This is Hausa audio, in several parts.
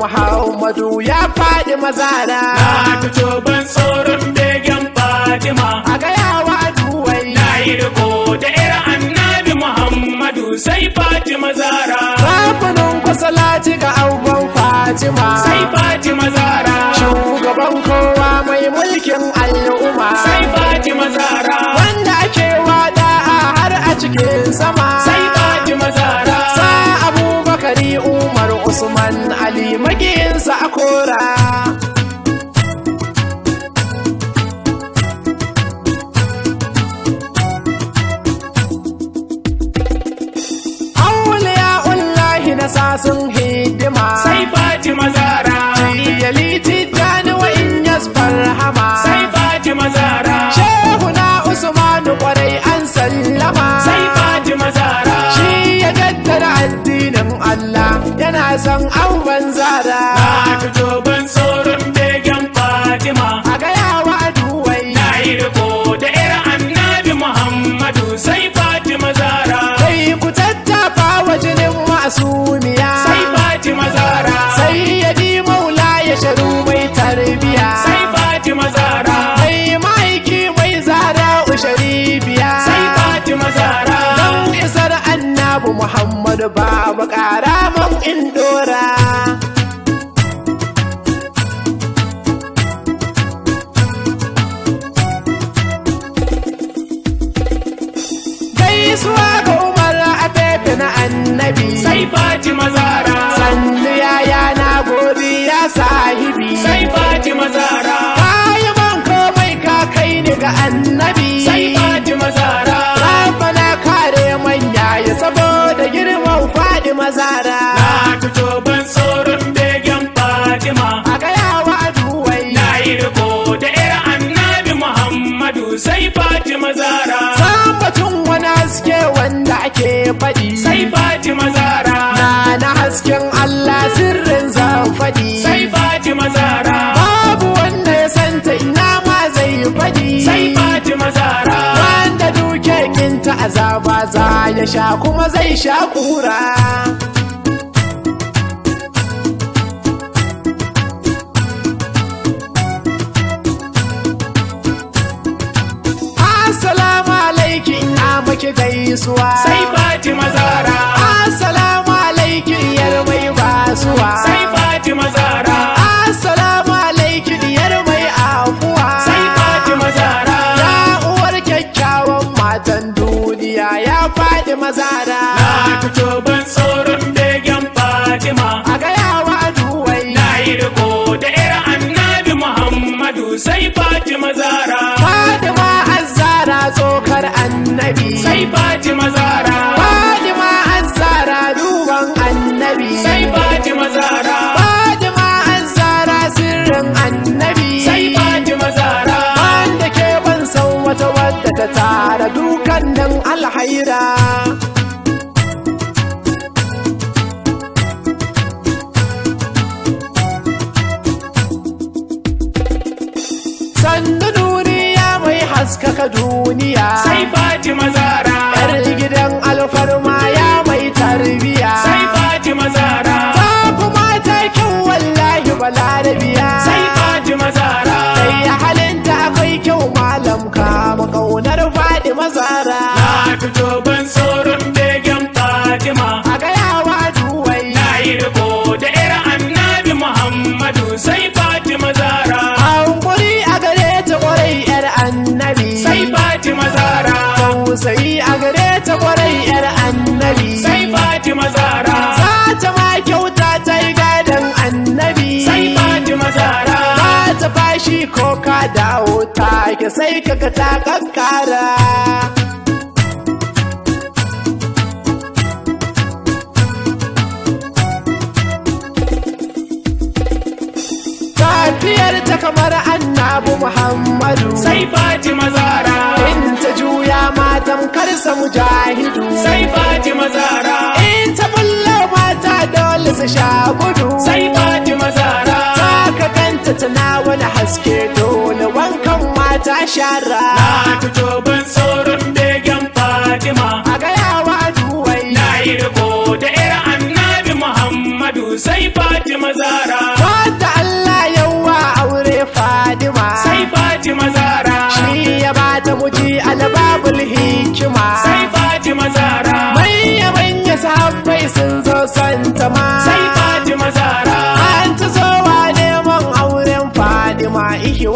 Muhammadu ya faɗi mazara. Na fito ban tsoron begen Fatima. A gaya wa aduwai. Na yi riko da ira annabi Muhammadu sai Fatima zara. kusa, lati ga auban Fatima. Sai Fatima zara. Shugaban kowa mai mulkin al'umma. Sai Fatima zara. Wanda ake wada a har a cikin sama. Sai Fatima zara. Sa Abubakari Umar Usman Ali magiyinsa a kora san an banza da. Na fito ban tsoron begen Fatima. A gaya wa duwai. Na yi riko da ƴar annabi Muhammadu sai Fatima Zara. Sai ku tattafa wa jinin miya. Sai Fatima Zara. Sai ya ji maula ya sharu mai tarbiya. Sai Fatima Zara. Kai ma'aiki mai zara biya. Sai Fatima Zara. Don isar annabi Muhammadu ba mu ƙara. in gaisuwa ga umar a na annabi sai faci mazara sannu yaya na ya sahibi sai faci mazara kayi man komai ka kai ni ga annabi sai faci mazara kare manya ya saboda girman faɗi mazara sai Fatima Zara. Sabatun wani haske wanda ake faɗi. Sai Fatima Zara. Na na hasken Allah sirrin zan faɗi. Sai Fatima Zara. Babu wanda ya santa ina ma zai faɗi. Sai Fatima Zara. Wanda duke kinta azaba za ya sha kuma zai sha kura. gaisuwa sai Fatima za dan alhaira sannu duniya mai haskaka duniya sai faji mazara yar gidan alfarma ya mai tarbiya sai faji mazara ta kuma ta kyau wallahi balarabiya ki mazara na fito ban tsoron begen fatima a gayawa duwai na yi riko da ira annabi muhammadu sai fatima zara a hunkuri a gare ta kwarai yar annabi sai fatima zara tausayi a gare ta kwarai yar annabi sai fatima zara ta dawo take sai ka kata kankara tafiyar ta kamar Annabu muhammadu sai fati mazara in ta juya matan karsa mujahidu sai fati mazara in ta bulla mata dole su sha gudu sai fati mazara ta ka ganta tana wani haske dole ta shara na fito ban tsoron begen fatima a yawa duwai na yi riko da ira annabi muhammadu sai fatima zara wata allah yawa aure fatima sai fatima zara shi ya ba ta muji albabul hikima sai fatima zara manya manya sahabbai sun zo santa ma sai fatima zara an ta zo wa neman auren fatima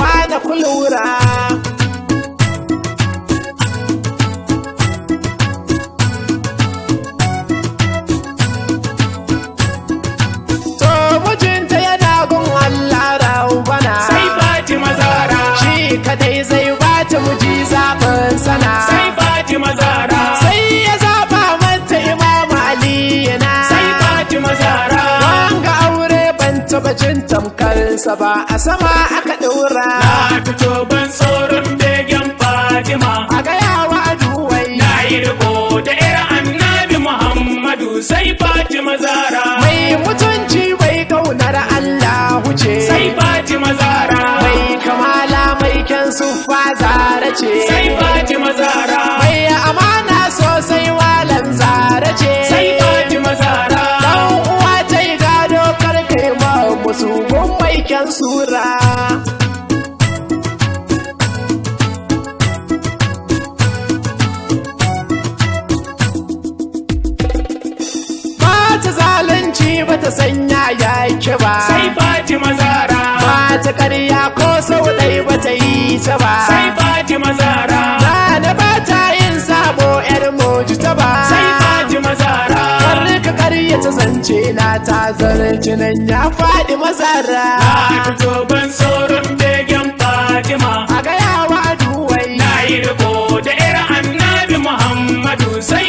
wa na kulura taba jin sa ba a sama aka ɗora. Na fito ban tsoron begen Fatima. A gaya wa aduwai. Na yi riko da ira annabi Muhammadu sai Fatima Zara. Mai mutunci mai kaunar Allah huce. Sai Fatima Zara. Mai kamala mai kyan suffa Zara ce. Sai Fatima Zara. ta sanya ya yi ba, sai Fatima Zara ba ta ƙarya ko sau ɗai ba ta yi ta ba sai Fatima Zara da ba ta yin sabo yar moji ta ba sai Fatima Zara kar ka ƙarya ta zance na ta zarci nan ya faɗi mazara na fito ban tsoron begen Fatima a gayawa duwai na yi riko da irin annabi Muhammadu sai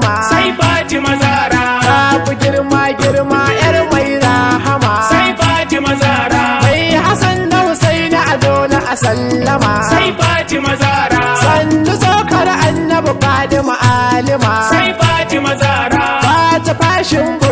fatima sai fatima zara ta fi girma girma yar mai rahama sai fatima zara mai hasan da husaini a na a sallama sai fatima zara sannu sokar annabi fatima alima sai fatima zara ba ta fashin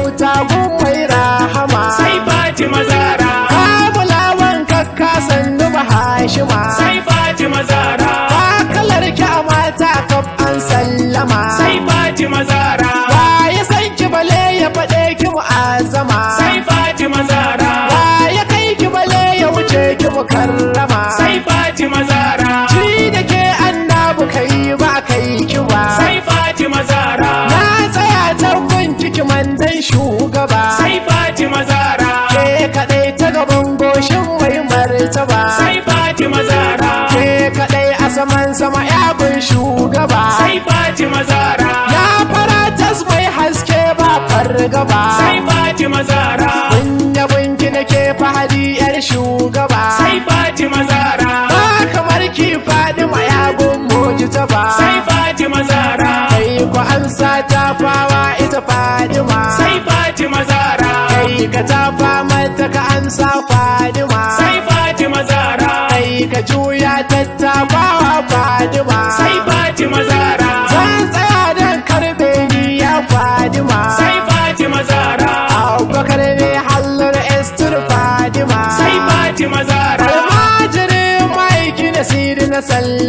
sarakan sama yabin shugaba sai Fatima mazara ya fara tas mai haske ba fargaba sai baji mazara bunya bunki nake fahadi yar shugaba sai Fatima mazara ba kamar ki fadi ma yagun moji ta ba sai Fatima mazara kai ku an sa ta fawa ita fadima sai baji mazara kai ka ta fama ta ka an sa fadima sai baji mazara kai ka juya tatta. سلم